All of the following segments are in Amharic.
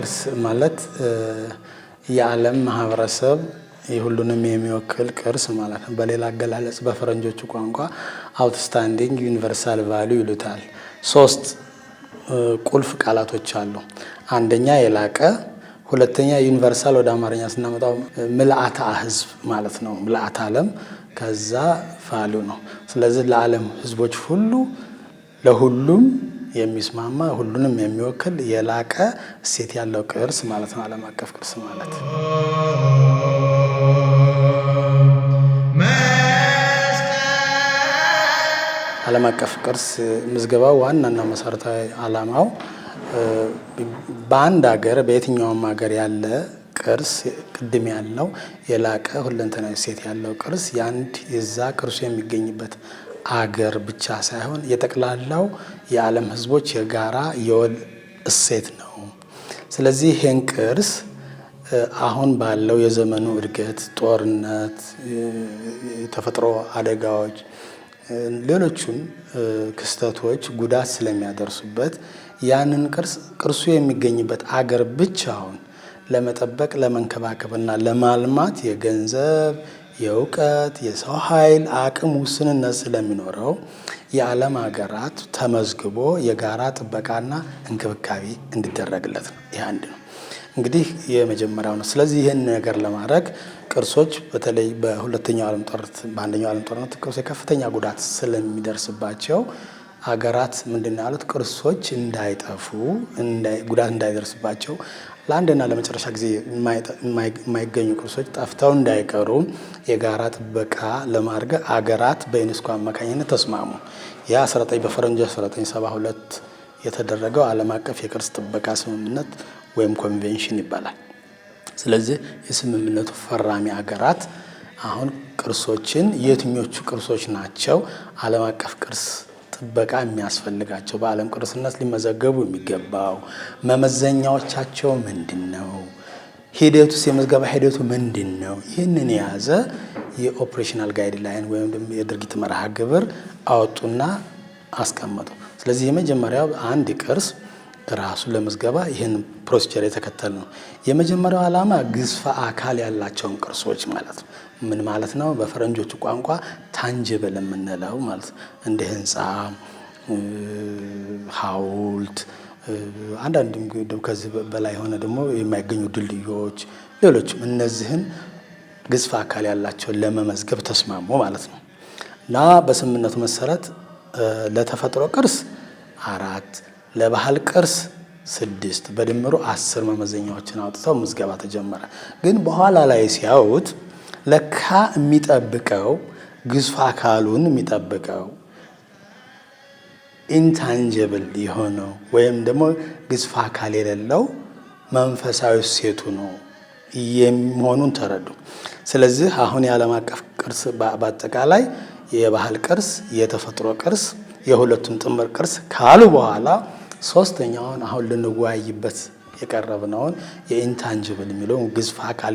ቅርስ ማለት የዓለም ማህበረሰብ የሁሉንም የሚወክል ቅርስ ማለት ነው። በሌላ አገላለጽ በፈረንጆቹ ቋንቋ አውትስታንዲንግ ዩኒቨርሳል ቫሊዩ ይሉታል። ሶስት ቁልፍ ቃላቶች አሉ። አንደኛ የላቀ፣ ሁለተኛ ዩኒቨርሳል ወደ አማርኛ ስናመጣው ምልአተ ህዝብ ማለት ነው። ምልአተ ዓለም ከዛ ቫሊዩ ነው። ስለዚህ ለዓለም ህዝቦች ሁሉ ለሁሉም የሚስማማ ሁሉንም የሚወክል የላቀ እሴት ያለው ቅርስ ማለት ነው ዓለም አቀፍ ቅርስ ማለት። ዓለም አቀፍ ቅርስ ምዝገባው ዋናና መሰረታዊ ዓላማው በአንድ ሀገር በየትኛውም ሀገር ያለ ቅርስ ቅድም ያለው የላቀ ሁለንተናዊ እሴት ያለው ቅርስ የአንድ የዛ ቅርሱ የሚገኝበት አገር ብቻ ሳይሆን የጠቅላላው የዓለም ሕዝቦች የጋራ የወል እሴት ነው። ስለዚህ ይህን ቅርስ አሁን ባለው የዘመኑ እድገት፣ ጦርነት፣ የተፈጥሮ አደጋዎች፣ ሌሎቹም ክስተቶች ጉዳት ስለሚያደርሱበት ያንን ቅርስ ቅርሱ የሚገኝበት አገር ብቻውን ለመጠበቅ ለመንከባከብና ለማልማት የገንዘብ የእውቀት የሰው ኃይል አቅም ውስንነት ስለሚኖረው የዓለም ሀገራት ተመዝግቦ የጋራ ጥበቃና እንክብካቤ እንዲደረግለት ነው። ይህ አንድ ነው። እንግዲህ የመጀመሪያው ነው። ስለዚህ ይህን ነገር ለማድረግ ቅርሶች በተለይ በሁለተኛው ዓለም ጦርነት በአንደኛው ዓለም ጦርነት ቅርሶች ከፍተኛ ጉዳት ስለሚደርስባቸው አገራት ምንድን ያሉት? ቅርሶች እንዳይጠፉ ጉዳት እንዳይደርስባቸው ለአንድና ለመጨረሻ ጊዜ የማይገኙ ቅርሶች ጠፍተው እንዳይቀሩ የጋራ ጥበቃ ለማድረግ አገራት በዩኔስኮ አማካኝነት ተስማሙ። ያ 1972 የተደረገው ዓለም አቀፍ የቅርስ ጥበቃ ስምምነት ወይም ኮንቬንሽን ይባላል። ስለዚህ የስምምነቱ ፈራሚ አገራት አሁን ቅርሶችን የትኞቹ ቅርሶች ናቸው ዓለም አቀፍ ቅርስ ጥበቃ የሚያስፈልጋቸው በዓለም ቅርስነት ሊመዘገቡ የሚገባው መመዘኛዎቻቸው ምንድን ነው? ሂደቱስ የመዝገባ ሂደቱ ምንድን ነው? ይህንን የያዘ የኦፕሬሽናል ጋይድ ላይን ወይም ደግሞ የድርጊት መርሃ ግብር አወጡና አስቀመጡ። ስለዚህ የመጀመሪያው አንድ ቅርስ ራሱ ለምዝገባ ይህን ፕሮሲጀር የተከተል ነው። የመጀመሪያው ዓላማ ግዝፈ አካል ያላቸውን ቅርሶች ማለት ነው ምን ማለት ነው? በፈረንጆቹ ቋንቋ ታንጅብል የምንለው ማለት ነው። እንደ ህንፃ፣ ሀውልት አንዳንድ ከዚህ በላይ የሆነ ደግሞ የማይገኙ ድልድዮች፣ ሌሎችም እነዚህን ግዝፍ አካል ያላቸውን ለመመዝገብ ተስማሙ ማለት ነው እና በስምምነቱ መሰረት ለተፈጥሮ ቅርስ አራት ለባህል ቅርስ ስድስት በድምሩ አስር መመዘኛዎችን አውጥተው ምዝገባ ተጀመረ። ግን በኋላ ላይ ሲያዩት ለካ የሚጠብቀው ግዙፍ አካሉን የሚጠብቀው ኢንታንጀብል የሆነው ወይም ደግሞ ግዙፍ አካል የሌለው መንፈሳዊ ሴቱ ነው የሚሆኑን ተረዱ። ስለዚህ አሁን የዓለም አቀፍ ቅርስ በአጠቃላይ የባህል ቅርስ፣ የተፈጥሮ ቅርስ፣ የሁለቱም ጥምር ቅርስ ካሉ በኋላ ሶስተኛውን አሁን ልንወያይበት የቀረብነውን የኢንታንጅብል የሚለው ግዝፍ አካል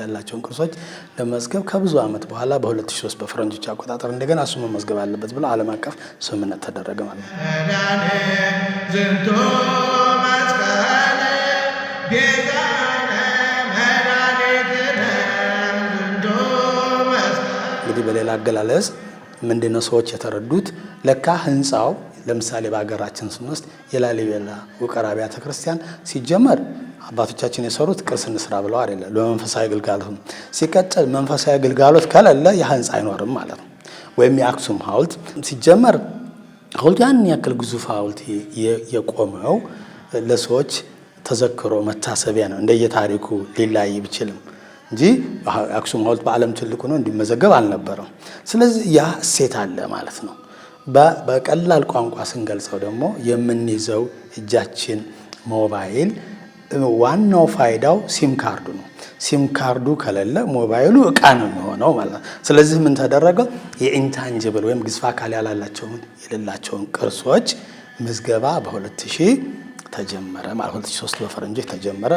ያላቸውን ቅርሶች ለመዝገብ ከብዙ ዓመት በኋላ በ2003 በፈረንጆች አቆጣጠር እንደገና እሱ መመዝገብ አለበት ብሎ ዓለም አቀፍ ስምምነት ተደረገ ማለት ነው። በሌላ አገላለጽ ምንድነው ሰዎች የተረዱት ለካ ህንፃው ለምሳሌ በሀገራችን ስንወስድ የላሊበላ ውቅር አብያተ ክርስቲያን ሲጀመር አባቶቻችን የሰሩት ቅርስ እንስራ ብለው አይደለም፣ ለመንፈሳዊ ግልጋሎት ሲቀጥል፣ መንፈሳዊ ግልጋሎት ከሌለ የህንፃ አይኖርም ማለት ነው። ወይም የአክሱም ሀውልት ሲጀመር ሐውልት ያን ያክል ግዙፍ ሀውልት የቆመው ለሰዎች ተዘክሮ መታሰቢያ ነው። እንደየታሪኩ ሊላይ ቢችልም እንጂ አክሱም ሀውልት በዓለም ትልቁ ነው እንዲመዘገብ አልነበረም። ስለዚህ ያ እሴት አለ ማለት ነው። በቀላል ቋንቋ ስንገልጸው ደግሞ የምንይዘው እጃችን ሞባይል ዋናው ፋይዳው ሲም ካርዱ ነው። ሲም ካርዱ ከሌለ ሞባይሉ እቃ ነው የሚሆነው ማለት ነው። ስለዚህ ምን ተደረገ? የኢንታንጅብል ወይም ግዝፍ አካል ያላላቸውን የሌላቸውን ቅርሶች ምዝገባ በ2000 ተጀመረ ማለት 2003 በፈረንጆች ተጀመረ።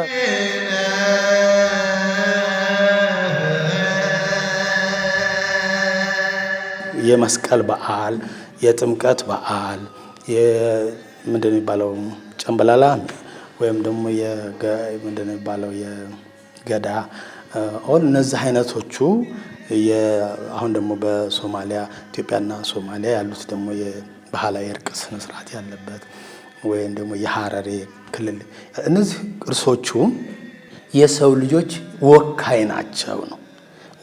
የመስቀል በዓል፣ የጥምቀት በዓል ምንድን የሚባለው ጨምበላላ ወይም ደግሞ ምንድን የሚባለው የገዳ ኦል እነዚህ አይነቶቹ አሁን ደግሞ በሶማሊያ ኢትዮጵያና ሶማሊያ ያሉት ደግሞ የባህላዊ እርቅ ስነስርዓት ያለበት ወይም ደግሞ የሀረሬ ክልል እነዚህ ቅርሶቹ የሰው ልጆች ወካይ ናቸው ነው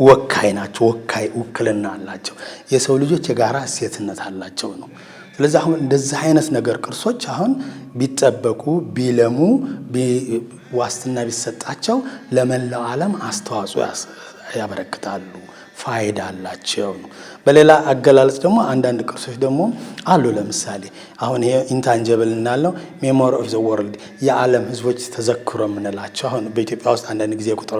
ወካይ ናቸው። ወካይ ውክልና አላቸው። የሰው ልጆች የጋራ እሴትነት አላቸው ነው። ስለዚህ አሁን እንደዚህ አይነት ነገር ቅርሶች አሁን ቢጠበቁ ቢለሙ ዋስትና ቢሰጣቸው ለመላው ዓለም አስተዋጽኦ ያበረክታሉ። ፋይዳ አላቸው ነው። በሌላ አገላለጽ ደግሞ አንዳንድ ቅርሶች ደግሞ አሉ። ለምሳሌ አሁን ይሄ ኢንታንጀብል እናለው ሜሞሪ ኦፍ ዘ ወርልድ የዓለም ህዝቦች ተዘክሮ የምንላቸው አሁን በኢትዮጵያ ውስጥ አንዳንድ ጊዜ ቁጥር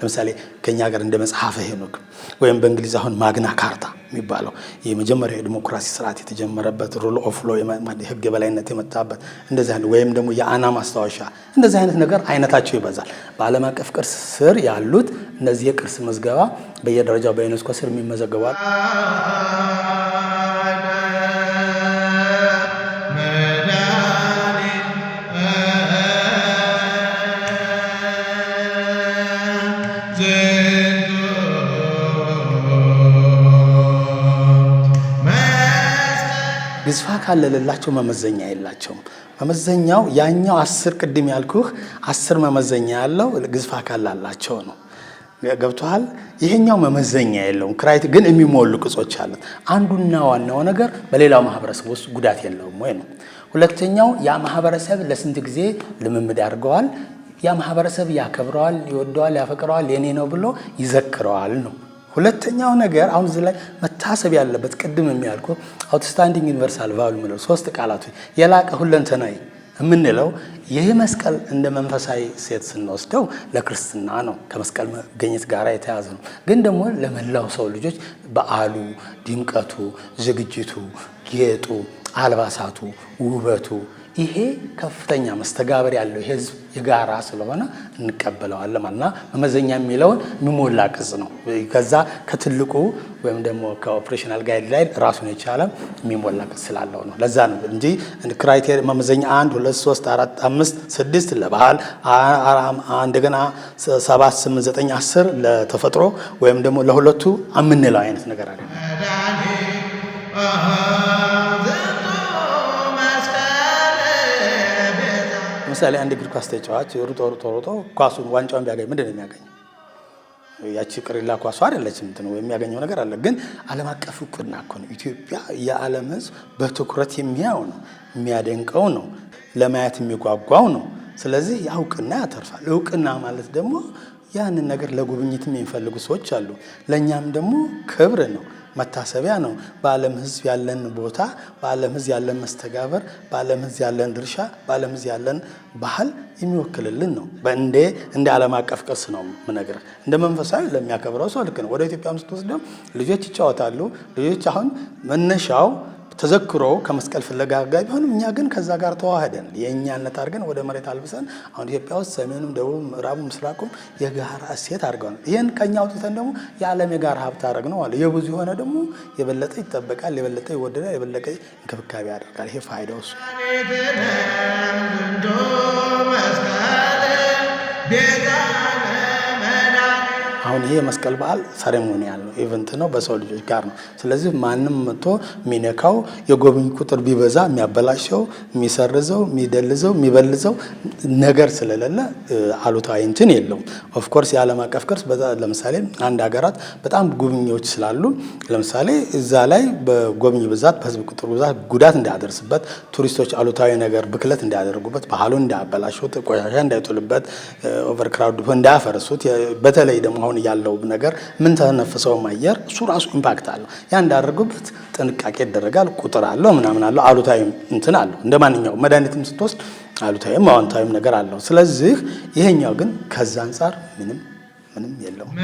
ለምሳሌ ከኛ ሀገር እንደ መጽሐፈ ሄኖክ ወይም በእንግሊዝ አሁን ማግና ካርታ የሚባለው የመጀመሪያው የዲሞክራሲ ስርዓት የተጀመረበት ሩል ኦፍ ሎ ህግ የበላይነት የመጣበት እንደዚህ አይነት ወይም ደግሞ የአና ማስታወሻ እንደዚህ አይነት ነገር አይነታቸው ይበዛል። በዓለም አቀፍ ቅርስ ስር ያሉት እነዚህ የቅርስ ምዝገባ በየደረጃው በዩኔስኮ ስር የሚመዘገባል። ንስፋ ካለለላቸው መመዘኛ የላቸውም። መመዘኛው ያኛው አስር ቅድም ያልኩህ አስር መመዘኛ ያለው ግዝፋ ካላላቸው ነው። ገብቶሃል? ይሄኛው መመዘኛ የለውም። ክራይት ግን የሚሞሉ ቅጾች አሉት። አንዱና ዋናው ነገር በሌላው ማህበረሰብ ውስጥ ጉዳት የለውም ወይ ነው። ሁለተኛው ያ ማህበረሰብ ለስንት ጊዜ ልምምድ አድርገዋል። ያ ማህበረሰብ ያከብረዋል፣ ይወደዋል፣ ያፈቅረዋል፣ የኔ ነው ብሎ ይዘክረዋል ነው ሁለተኛው ነገር አሁን እዚህ ላይ መታሰብ ያለበት ቅድም የሚያልኩ አውትስታንዲንግ ዩኒቨርሳል ቫሉ ምለው ሶስት ቃላቱ የላቀ ሁለንተናዊ የምንለው ይህ መስቀል እንደ መንፈሳዊ ሴት ስንወስደው ለክርስትና ነው፣ ከመስቀል መገኘት ጋር የተያዘ ነው። ግን ደግሞ ለመላው ሰው ልጆች በዓሉ፣ ድምቀቱ፣ ዝግጅቱ፣ ጌጡ፣ አልባሳቱ፣ ውበቱ ይሄ ከፍተኛ መስተጋበር ያለው የህዝብ የጋራ ስለሆነ እንቀበለዋለን ማለት ነው። መመዘኛ የሚለውን ሚሞላ ቅጽ ነው። ከዛ ከትልቁ ወይም ደግሞ ከኦፕሬሽናል ጋይድ ላይ ራሱን የቻለ የሚሞላ ቅጽ ስላለው ነው። ለዛ ነው እንጂ ክራይቴሪ መመዘኛ አንድ ሁለት ሶስት አራት አምስት ስድስት ለባህል እንደገና ሰባት ስምንት ዘጠኝ አስር ለተፈጥሮ ወይም ደግሞ ለሁለቱ የምንለው አይነት ነገር አለ። ለምሳሌ አንድ እግር ኳስ ተጫዋች ሩጦ ሩጦ ሩጦ ኳሱን ዋንጫውን ቢያገኝ ምንድን ነው የሚያገኝ? ያቺ ቅሪላ ኳሱ አይደለችም። እንትን የሚያገኘው ነገር አለ። ግን ዓለም አቀፍ እውቅና እኮ ነው። ኢትዮጵያ የዓለም ሕዝብ በትኩረት የሚያው ነው፣ የሚያደንቀው ነው፣ ለማየት የሚጓጓው ነው። ስለዚህ እውቅና ያተርፋል። እውቅና ማለት ደግሞ ያንን ነገር ለጉብኝት የሚፈልጉ ሰዎች አሉ። ለእኛም ደግሞ ክብር ነው፣ መታሰቢያ ነው። በዓለም ሕዝብ ያለን ቦታ፣ በዓለም ሕዝብ ያለን መስተጋበር፣ በዓለም ሕዝብ ያለን ድርሻ፣ በዓለም ሕዝብ ያለን ባህል የሚወክልልን ነው። እንደ እንደ ዓለም አቀፍ ቅርስ ነው ምነግር። እንደ መንፈሳዊ ለሚያከብረው ሰው ልክ ነው። ወደ ኢትዮጵያም ስትወስደው ልጆች ይጫወታሉ። ልጆች አሁን መነሻው ተዘክሮ ከመስቀል ፍለጋ ጋር ቢሆንም እኛ ግን ከዛ ጋር ተዋህደን የእኛነት አድርገን ወደ መሬት አልብሰን አሁን ኢትዮጵያ ውስጥ ሰሜኑም፣ ደቡብ፣ ምዕራቡ፣ ምስራቁም የጋራ እሴት ነው። ይህን ከኛ አውጥተን ደግሞ የዓለም የጋራ ሀብት አድርግ ነው አለ። የብዙ የሆነ ደግሞ የበለጠ ይጠበቃል፣ የበለጠ ይወደዳል፣ የበለጠ እንክብካቤ ያደርጋል። ይሄ ፋይዳው እሱ አሁን ይሄ የመስቀል በዓል ሰሬሞኒያል ነው፣ ኢቨንት ነው፣ በሰው ልጆች ጋር ነው። ስለዚህ ማንም መጥቶ የሚነካው የጎብኝ ቁጥር ቢበዛ የሚያበላሸው፣ የሚሰርዘው፣ የሚደልዘው፣ የሚበልዘው ነገር ስለሌለ አሉታዊ እንትን የለውም። ኦፍኮርስ የዓለም አቀፍ ቅርስ ለምሳሌ አንድ ሀገራት በጣም ጎብኚዎች ስላሉ ለምሳሌ እዛ ላይ በጎብኝ ብዛት በህዝብ ቁጥር ብዛት ጉዳት እንዳያደርስበት፣ ቱሪስቶች አሉታዊ ነገር ብክለት እንዳያደርጉበት፣ ባህሉን እንዳያበላሹት፣ ቆሻሻ እንዳይጥሉበት፣ ኦቨርክራውድ እንዳያፈርሱት በተለይ ደግሞ አሁን ያለው ነገር ምን ተነፍሰው አየር እሱ ራሱ ኢምፓክት አለው። ያ እንዳደርጉበት ጥንቃቄ ይደረጋል። ቁጥር አለው ምናምን አለው አሉታዊ እንትን አለው። እንደ ማንኛውም መድኃኒትም ስትወስድ አሉታዊም አዎንታዊም ነገር አለው። ስለዚህ ይሄኛው ግን ከዛ አንጻር ምንም ምንም የለውም።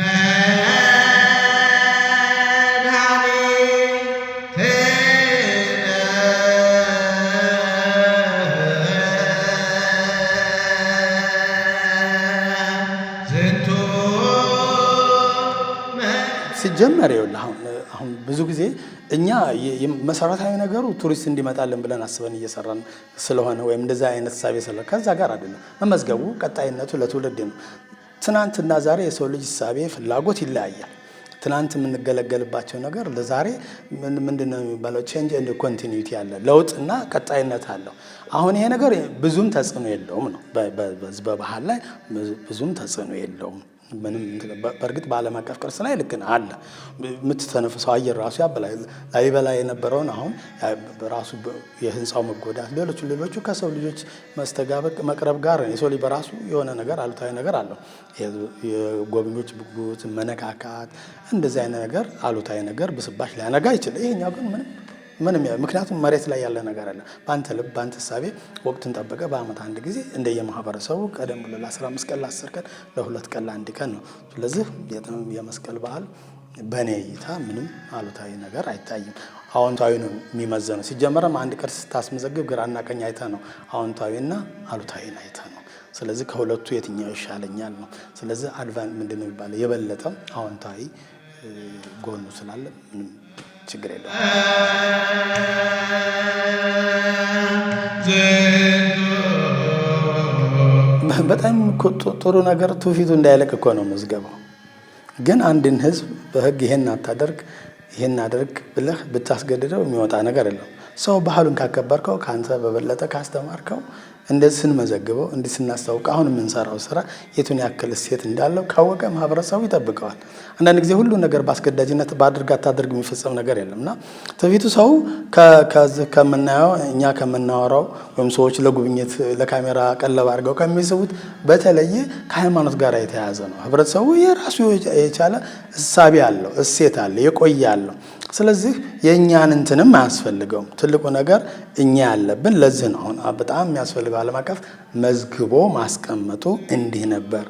ጀመረ። አሁን ብዙ ጊዜ እኛ መሰረታዊ ነገሩ ቱሪስት እንዲመጣልን ብለን አስበን እየሰራን ስለሆነ ወይም እንደዛ አይነት ሳቤ ስለ ከዛ ጋር አይደለም መመዝገቡ ቀጣይነቱ ለትውልድ ነው። ትናንትና ዛሬ የሰው ልጅ ሳቤ ፍላጎት ይለያያል። ትናንት የምንገለገልባቸው ነገር ለዛሬ ምንድን ነው የሚባለው? ቼንጅ ኤንድ ኮንቲኒዩቲ አለ፣ ለውጥና ቀጣይነት አለው። አሁን ይሄ ነገር ብዙም ተጽዕኖ የለውም ነው በባህል ላይ ብዙም ተጽዕኖ የለውም። ምንም በእርግጥ በዓለም አቀፍ ቅርስ ላይ ልክ ነህ አለ የምትተነፍሰው አየር ራሱ ያበላል። ላሊበላ የነበረውን አሁን ራሱ የህንፃው መጎዳት፣ ሌሎቹ ሌሎቹ ከሰው ልጆች መስተጋበቅ መቅረብ ጋር የሰው ልጅ በራሱ የሆነ ነገር አሉታዊ ነገር አለው። የጎብኞች ብጉት፣ መነካካት እንደዚህ አይነት ነገር አሉታዊ ነገር ብስባሽ ሊያነጋ ይችላል። ይሄኛው ግን ምንም ምንም ምክንያቱም መሬት ላይ ያለ ነገር አለ። በአንተ ልብ በአንተ ሳቤ ወቅቱን ጠበቀ በአመት አንድ ጊዜ እንደ የማህበረሰቡ ቀደም ብሎ ለ15 ቀን ለ10 ቀን ለሁለት ቀን ለአንድ ቀን ነው። ስለዚህ የመስቀል በዓል በእኔ እይታ ምንም አሉታዊ ነገር አይታይም። አዎንታዊ ነው የሚመዘነው። ሲጀመረም አንድ ቅርስ ስታስመዘግብ ግራና ቀኝ አይተ ነው፣ አዎንታዊና አሉታዊን አይተ ነው። ስለዚህ ከሁለቱ የትኛው ይሻለኛል ነው። ስለዚህ አድቫን ምንድን ነው የሚባለው የበለጠ አዎንታዊ ጎኑ ስላለ ምንም ችግር የለው በጣም ጥሩ ነገር ትውፊቱ እንዳይለቅ እኮ ነው ምዝገባው። ግን አንድን ህዝብ በህግ ይሄን አታደርግ ይሄን አድርግ ብለህ ብታስገድደው የሚወጣ ነገር የለም። ሰው ባህሉን ካከበርከው፣ ከአንተ በበለጠ ካስተማርከው እንደዚህ ስንመዘግበው እንዲህ ስናስታውቅ አሁን የምንሰራው ስራ የቱን ያክል እሴት እንዳለው ካወቀ ማህበረሰቡ ይጠብቀዋል። አንዳንድ ጊዜ ሁሉ ነገር በአስገዳጅነት በአድርግ አታድርግ የሚፈጸም ነገር የለም እና ትውፊቱ ሰው ከምናየው እኛ ከምናወራው ወይም ሰዎች ለጉብኝት ለካሜራ ቀለብ አድርገው ከሚስቡት በተለየ ከሃይማኖት ጋር የተያያዘ ነው። ህብረተሰቡ የራሱ የቻለ እሳቤ አለው፣ እሴት አለ፣ የቆየ አለው። ስለዚህ የእኛን እንትንም አያስፈልገውም። ትልቁ ነገር እኛ ያለብን ለዚህ ነው። አሁን በጣም የሚያስፈልገው ዓለም አቀፍ መዝግቦ ማስቀመጡ እንዲህ ነበር፣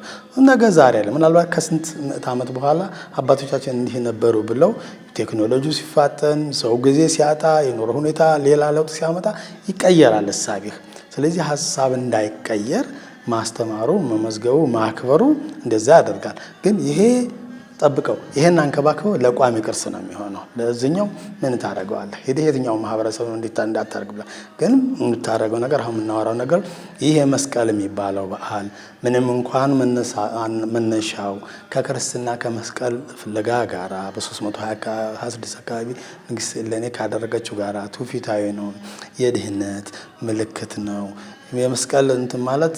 ነገ ዛሬ አለ። ምናልባት ከስንት ምዕት ዓመት በኋላ አባቶቻችን እንዲህ ነበሩ ብለው ቴክኖሎጂ ሲፋጠን፣ ሰው ጊዜ ሲያጣ፣ የኑሮ ሁኔታ ሌላ ለውጥ ሲያመጣ ይቀየራል እሳቢህ። ስለዚህ ሀሳብ እንዳይቀየር ማስተማሩ፣ መመዝገቡ፣ ማክበሩ እንደዛ ያደርጋል። ግን ይሄ ጠብቀው ይሄን አንከባክበው ለቋሚ ቅርስ ነው የሚሆነው። ለዚህኛው ምን ታደረገዋለ? ሄደህ የትኛው ማህበረሰብ እንዳታደርግ ብላ ግን የምታደረገው ነገር አሁን የምናወራው ነገር ይህ የመስቀል የሚባለው በዓል ምንም እንኳን መነሻው ከክርስትና ከመስቀል ፍለጋ ጋራ በ326 አካባቢ ንግሥት እሌኒ ካደረገችው ጋራ ትውፊታዊ ነው፣ የድህነት ምልክት ነው የመስቀል እንትን ማለት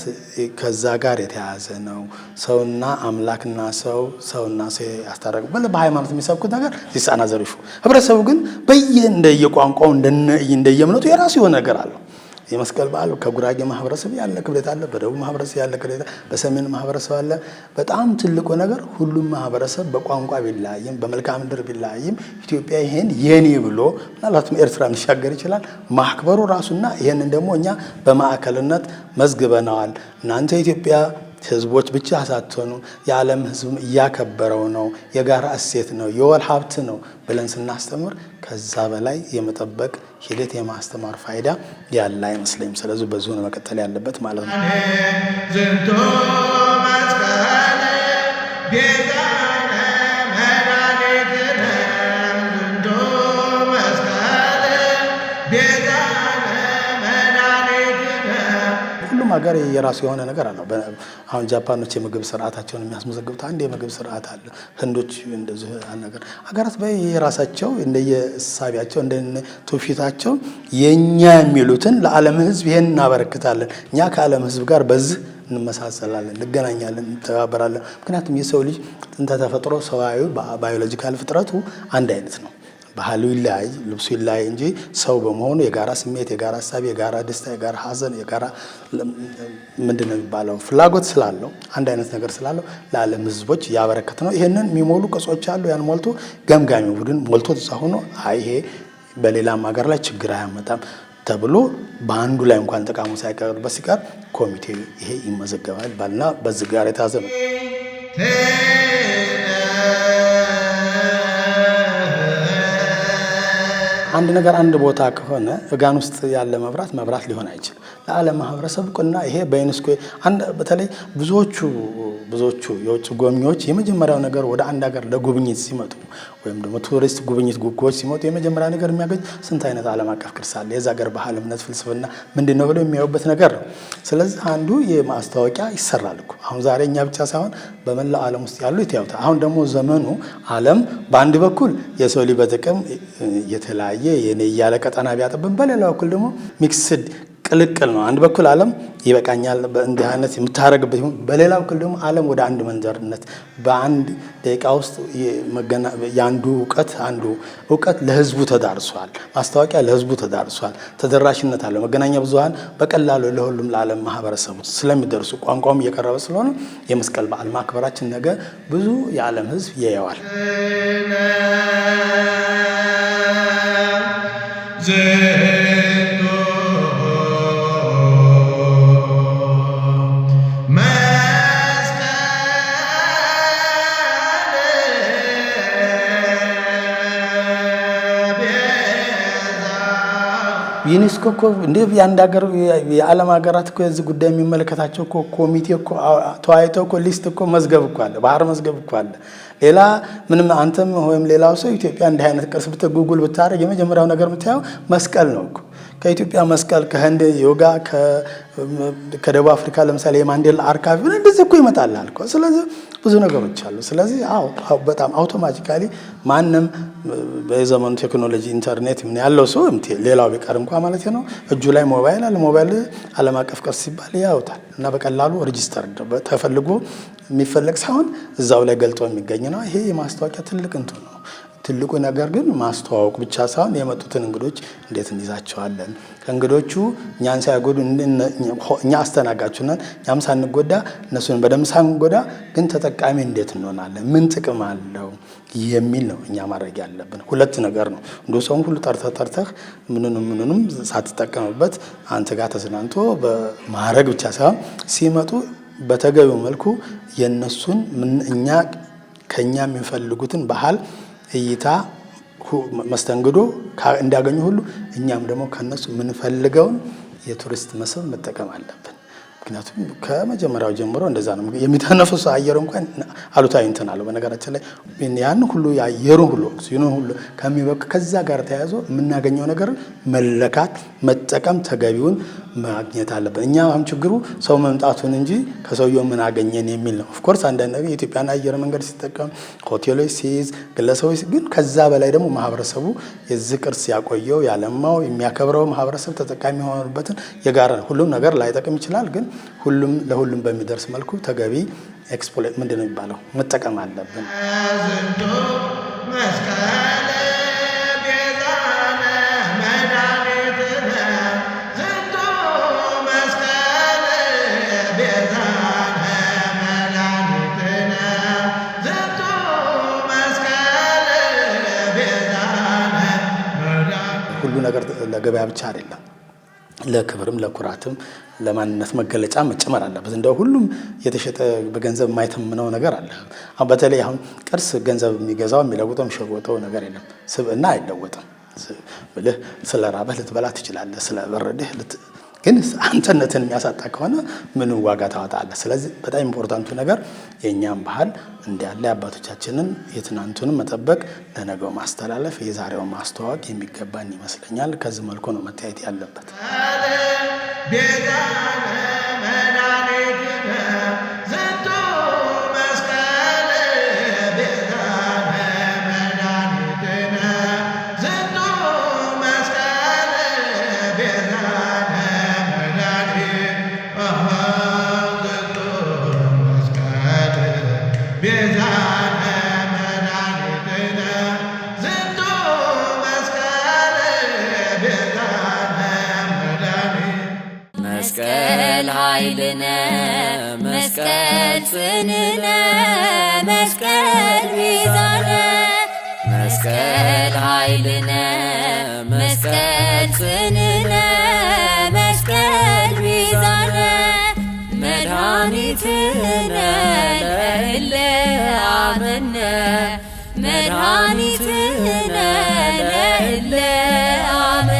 ከዛ ጋር የተያያዘ ነው። ሰውና አምላክና ሰው ሰውና ሰው በለ በሃይማኖት የሚሰብኩት ነገር ይጻና ዘሪፉ። ህብረተሰቡ ግን በየ እንደየቋንቋው እንደየእምነቱ የራሱ የሆነ ነገር አለው። የመስቀል በዓል ከጉራጌ ማህበረሰብ ያለ ክብደት አለ፣ በደቡብ ማህበረሰብ ያለ ክብደት፣ በሰሜን ማህበረሰብ አለ። በጣም ትልቁ ነገር ሁሉም ማህበረሰብ በቋንቋ ቢለያይም በመልክዓ ምድር ቢለያይም ኢትዮጵያ ይሄን የኔ ብሎ ምናልባትም ኤርትራ ሊሻገር ይችላል ማክበሩ ራሱና ይሄንን ደግሞ እኛ በማዕከልነት መዝግበነዋል። እናንተ ኢትዮጵያ ህዝቦች ብቻ ሳትሆኑ የዓለም ህዝብም እያከበረው ነው። የጋራ እሴት ነው፣ የወል ሀብት ነው ብለን ስናስተምር ከዛ በላይ የመጠበቅ ሂደት የማስተማር ፋይዳ ያለ አይመስለኝም። ስለዚህ በዚሁ ነው መቀጠል ያለበት ማለት ነው። ሁሉም ሀገር የራሱ የሆነ ነገር አለው። አሁን ጃፓኖች የምግብ ስርዓታቸውን የሚያስመዘግቡት አንድ የምግብ ስርዓት አለ። ህንዶች እንደዚህ ነገር ሀገራት የራሳቸው እንደየሳቢያቸው እንደ ትውፊታቸው የእኛ የሚሉትን ለዓለም ህዝብ ይሄን እናበረክታለን። እኛ ከዓለም ህዝብ ጋር በዚህ እንመሳሰላለን፣ እንገናኛለን፣ እንተባበራለን። ምክንያቱም የሰው ልጅ ጥንተ ተፈጥሮ ሰዋዊ ባዮሎጂካል ፍጥረቱ አንድ አይነት ነው። ባህሉ ይለያይ፣ ልብሱ ይለያይ እንጂ ሰው በመሆኑ የጋራ ስሜት፣ የጋራ ሀሳብ፣ የጋራ ደስታ፣ የጋራ ሀዘን የጋራ ምንድን ነው የሚባለው ፍላጎት ስላለው አንድ አይነት ነገር ስላለው ለዓለም ህዝቦች እያበረከት ነው። ይህንን የሚሞሉ ቅጾች አሉ። ያን ሞልቶ ገምጋሚ ቡድን ሞልቶ እዛ ይሄ በሌላም ሀገር ላይ ችግር አያመጣም ተብሎ በአንዱ ላይ እንኳን ጥቃሙ ሳይቀርበት ሲቀር ኮሚቴ ይሄ ይመዘገባል ባልና በዚህ ጋር የታዘ ነው። አንድ ነገር አንድ ቦታ ከሆነ እጋን ውስጥ ያለ መብራት መብራት ሊሆን አይችልም። ለዓለም ማህበረሰብ እውቅና ይሄ በዩኔስኮ በተለይ ብዙዎቹ ብዙዎቹ የውጭ ጎብኚዎች የመጀመሪያው ነገር ወደ አንድ ሀገር ለጉብኝት ሲመጡ ወይም ደግሞ ቱሪስት ጉብኝት ጉጎች ሲመጡ የመጀመሪያ ነገር የሚያገኝ ስንት አይነት ዓለም አቀፍ ቅርስ አለ፣ የዛ ሀገር ባህል፣ እምነት፣ ፍልስፍና ምንድን ነው ብለው የሚያዩበት ነገር ነው። ስለዚህ አንዱ የማስታወቂያ ይሰራል እኮ አሁን ዛሬ እኛ ብቻ ሳይሆን በመላው ዓለም ውስጥ ያሉ ይተያዩት። አሁን ደግሞ ዘመኑ ዓለም በአንድ በኩል የሰው ልጅ በጥቅም የተለያየ የኔ እያለ ቀጠና ቢያጠብም፣ በሌላ በኩል ደግሞ ሚክስድ ቅልቅል ነው። አንድ በኩል ዓለም ይበቃኛል እንዲህ አይነት የምታደረግበት ይሁን፣ በሌላ በኩል ደግሞ ዓለም ወደ አንድ መንዘርነት በአንድ ደቂቃ ውስጥ የአንዱ እውቀት አንዱ እውቀት ለህዝቡ ተዳርሷል። ማስታወቂያ ለህዝቡ ተዳርሷል። ተደራሽነት አለው። መገናኛ ብዙሀን በቀላሉ ለሁሉም ለዓለም ማህበረሰቡ ስለሚደርሱ ቋንቋውም እየቀረበ ስለሆነ የመስቀል በዓል ማክበራችን ነገ ብዙ የዓለም ህዝብ ያየዋል። Yeah. ዩኔስኮ እኮ እንደ የአንድ ሀገር የዓለም ሀገራት እኮ የዚህ ጉዳይ የሚመለከታቸው እኮ ኮሚቴ እኮ ተዋይተው እኮ ሊስት እኮ መዝገብ እኮ አለ፣ ባህር መዝገብ እኮ አለ። ሌላ ምንም አንተም ወይም ሌላው ሰው ኢትዮጵያ እንዲህ አይነት ቅርስ ጉግል ብታደርግ የመጀመሪያው ነገር የምታየው መስቀል ነው እኮ ከኢትዮጵያ መስቀል፣ ከህንድ ዮጋ፣ ከደቡብ አፍሪካ ለምሳሌ የማንዴላ አርካቪ እንደዚህ እኮ ይመጣላል እኮ ስለዚህ ብዙ ነገሮች አሉ። ስለዚህ አዎ በጣም አውቶማቲካሊ ማንም በዘመኑ ቴክኖሎጂ ኢንተርኔት ምን ያለው ሰው ሌላው ቢቀር እንኳ ማለት ነው እጁ ላይ ሞባይል አለ። ሞባይል ዓለም አቀፍ ቅርስ ሲባል ያውታል እና በቀላሉ ሬጂስተር ተፈልጎ የሚፈለግ ሳይሆን እዛው ላይ ገልጦ የሚገኝ ነው። ይሄ የማስታወቂያ ትልቅ እንትን ነው። ትልቁ ነገር ግን ማስተዋወቅ ብቻ ሳይሆን የመጡትን እንግዶች እንዴት እንይዛቸዋለን፣ ከእንግዶቹ እኛን ሳያጎዱ እኛ አስተናጋችሁናል፣ እኛም ሳንጎዳ እነሱን በደንብ ሳንጎዳ ግን ተጠቃሚ እንዴት እንሆናለን፣ ምን ጥቅም አለው የሚል ነው እኛ ማድረግ ያለብን። ሁለት ነገር ነው እንዶ ሰውን ሁሉ ጠርተህ ጠርተህ ምንንም ምንንም ሳትጠቀምበት አንተ ጋር ተዝናንቶ በማድረግ ብቻ ሳይሆን ሲመጡ በተገቢው መልኩ የእነሱን እኛ ከእኛ የሚፈልጉትን ባህል እይታ መስተንግዶ እንዳገኙ ሁሉ እኛም ደግሞ ከነሱ የምንፈልገውን የቱሪስት መስህብ መጠቀም አለብን። ምክንያቱም ከመጀመሪያው ጀምሮ እንደዛ ነው የሚተነፍሱ አየሩ እንኳን አሉታዊ እንትን አለው። በነገራችን ላይ ያን ሁሉ የአየሩ ሁሉ ኦክሲጅኑን ሁሉ ከሚበቅ ከዛ ጋር ተያይዞ የምናገኘው ነገር መለካት፣ መጠቀም፣ ተገቢውን ማግኘት አለብን እኛ አሁን ችግሩ ሰው መምጣቱን እንጂ ከሰውየው ምን አገኘን የሚል ነው። ኦፍኮርስ አንዳንድ ነገር የኢትዮጵያን አየር መንገድ ሲጠቀም ሆቴሎች ሲይዝ ግለሰቦች፣ ግን ከዛ በላይ ደግሞ ማህበረሰቡ የዚህ ቅርስ ያቆየው ያለማው የሚያከብረው ማህበረሰብ ተጠቃሚ የሆኑበትን የጋራ ሁሉም ነገር ላይጠቅም ይችላል ግን ሁሉም ለሁሉም በሚደርስ መልኩ ተገቢ ምንድን ምንድነው የሚባለው መጠቀም አለብን። ሁሉ ነገር ለገበያ ብቻ አይደለም። ለክብርም ለኩራትም ለማንነት መገለጫ መጨመር አለበት። እንደው ሁሉም የተሸጠ በገንዘብ የማይተምነው ነገር አለ። በተለይ አሁን ቅርስ ገንዘብ የሚገዛው የሚለውጠው የሚሸወጠው ነገር የለም። ስብዕና አይለወጥም ብልህ ስለ ራበህ ልትበላ ትችላለህ፣ ስለ በረድህ ግን አንተነትን የሚያሳጣ ከሆነ ምን ዋጋ ታወጣለህ? ስለዚህ በጣም ኢምፖርታንቱ ነገር የእኛም ባህል እንዲያለ አባቶቻችንን የትናንቱንም መጠበቅ፣ ለነገው ማስተላለፍ፣ የዛሬው ማስተዋወቅ የሚገባን ይመስለኛል። ከዚህ መልኩ ነው መታየት ያለበት። መስቀል ቤዛነ መስቀል ኃይልነ መስቀል ጽንዕነ መስቀል ቤዛነ መስቀል ኃይልነ መስቀል ጽንዕነ መድኃኒትነን እለ አመነ መድኃኒትነን እለ አመነ